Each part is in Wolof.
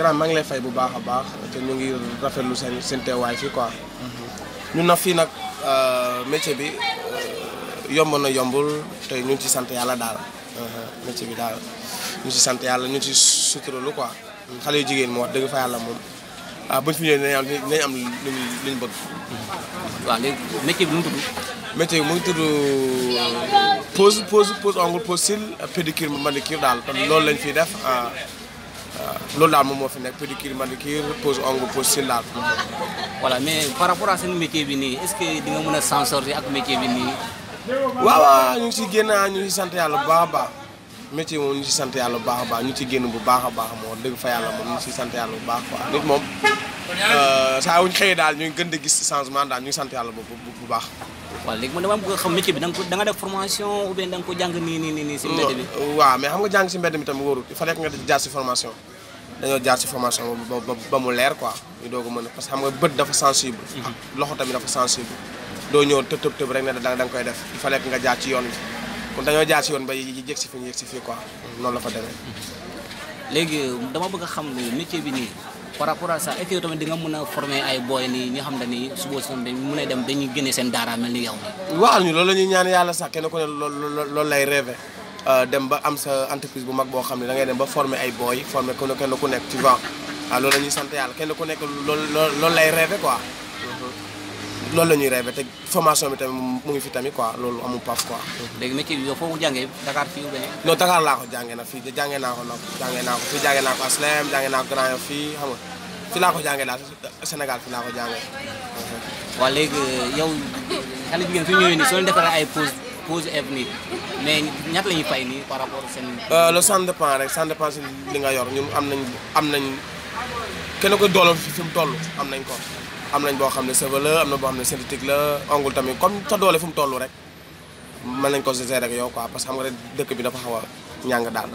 grand maa lay fay bu baax a baax te ñu ngi rafetlu seen seen teewaay fii quoi. ñun nag fii nag euh, métier bi euh, yomb na yombul te ñu ngi ci sant yàlla daal. Euh, métier bi daal ñu ci sant yàlla ñu ci suturalu quoi. xale yu jigéen fa yàlla moom ah buñ fi ñëwee am dinañ am luñ luñ bëgg. waaw léegi métier bi nu mu tudd. métier bi mu ngi tudd pose pose pose ongle pose cils pédicure daal kon loolu lañ fiy def. Ah. Euh, loolu daal moom moo fi nekk pédicure manucure pose ongle pose cils daal. voilà mais par rapport à seen métier bi nii est-ce que di nga mën a s'en sortir ak métier bi nii. waaw waaw ñu ngi si génn ñu ngi sant yàlla baax a baax ñu si sant yàlla bu baax a baax ñu ci génn bu baax a baax moo dëgg fa yàlla moom ñu si sant yàlla bu baax quoi nit moom euh, saa yu ñu daal ñu gën di gis changement daal ñu ngi sant yàlla bu bu bu baax. waaw léegi man dama bëgg xam métier bi da nga ko da nga def formation ou bien da nga ko jàng nii nii si mbedd bi waaw mais xam nga jàng si mbedd mi tam wóorul il faut rek nga jaar si formation dañoo jaar si leer quoi ñu doog a mën parce que xam nga bët dafa mhm. ah, koy def il faut rek nga jaar ci yoon bi kon dañoo jaar si yoon ba yëg si fi ñu yëg si fii quoi noonu la fa demee mhm. léegi dama bëgg a xam métier bi nii par rapport à ça et yow tamit di nga former ay boy ni ñu xam ni suba si dañ mën dem dañuy génne seen daara mel yow waaw ñu loolu ñaan sax ne loolu lay dem ba am sa entreprise bu mag boo xam da ngay dem ba former ay boy former ku ne kenn ku tu vois waaw loolu la ñuy sant yàlla kenn ku loolu lay rêvé quoi mhm. loolu la ñuy te formation bi tamit mu ngi fi tamit quoi loolu amul paf quoi léegi métier bi yow foo Dakar fii ou non Dakar ko na ko ko ko ko grand xam nga fi laa ko jàngee daal Sénégal fi laa ko jàngee. waaw léegi yow xale jigéen su ñëwee nii soo leen defaree ay pause pause avenir mais ñaata la ñuy fay nii par rapport seen. Euh, le ça dépend rek ça dépend si li nga yor ñun am nañ am nañ kenn ko doolam fi mu toll am nañ ko. am nañ boo xam ne cheveux la am na boo xam ne synthétique la ongul tamit comme sa doole fi mu toll rek mën nañ ko gérer rek yow ko parce que nga rek dëkk bi dafa xaw a ñàng daal.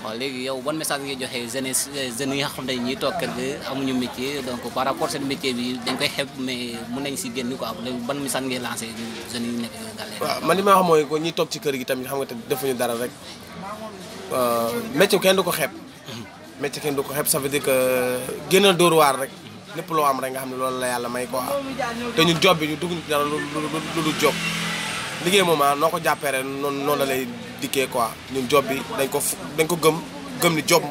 waaw léegi yow ban message ngay joxe jeunesse jeunes yi nga xam ne ñuy toog kër gi amuñu métier donc par rapport seen métier bi dañ koy xeeb nañ si génn quoi léegi ban message ngay lancé jeunes yi nekk Galère. waaw man li ma mooy ko ñi toog ci kër gi tamit xam nga te defuñu dara rek euh, métier kenn du ko xeeb. métier kenn du ko xeeb ça veut dire que génnal dóor waar rek lépp loo am rek nga xam ne loolu la yàlla may ko am te ñun job bi ñu dugg dara lu lu lu lu job liggéey moom ah noo ko jàppee rek noonu lay. dikkee quoi ñun job bi dañ ko dañ ko gëm gëm ni joob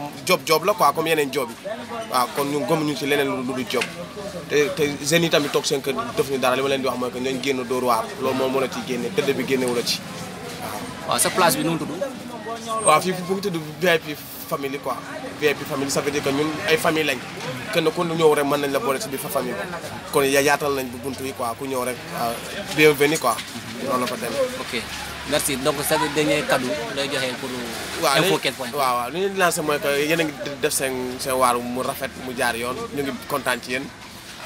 joob la quoi comme yeneen job yi waaw kon ñun gëmuñu ci leneen lu dul job te te jeunes yi tamit toog seen kër def ñu dara li ma leen di wax mooy que ñooñu génn dóor waar loolu moom mën a génne tëdd bi ci waaw. sa place bi nu mu tudd. waaw fii bu ñu tudd VIP famille quoi VIP famille ça veut dire que ñun ay famille lañ kenn ku ñëw rek mën nañ la boole ci bi fa famille bi kon yaatal nañ bu buntu yi quoi ku ñëw rek bienvenue quoi loolu la ko demee. ok. merci donc sa dernier cadeau lay joxe pour. waaw info quel point waaw waaw li ñu mooy que yéen ngi def seen seen waar mu rafet mu jaar yoon ñu ngi kontaan ci yéen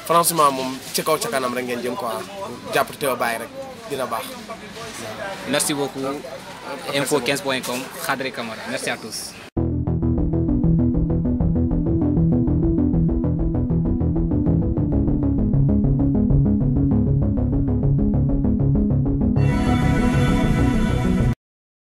franchement moom ci kaw ca kanam rek ngeen jëm quoi jàpp te bàyyi rek dina baax. merci beaucoup info 15 point com Khadri Camara merci à tous.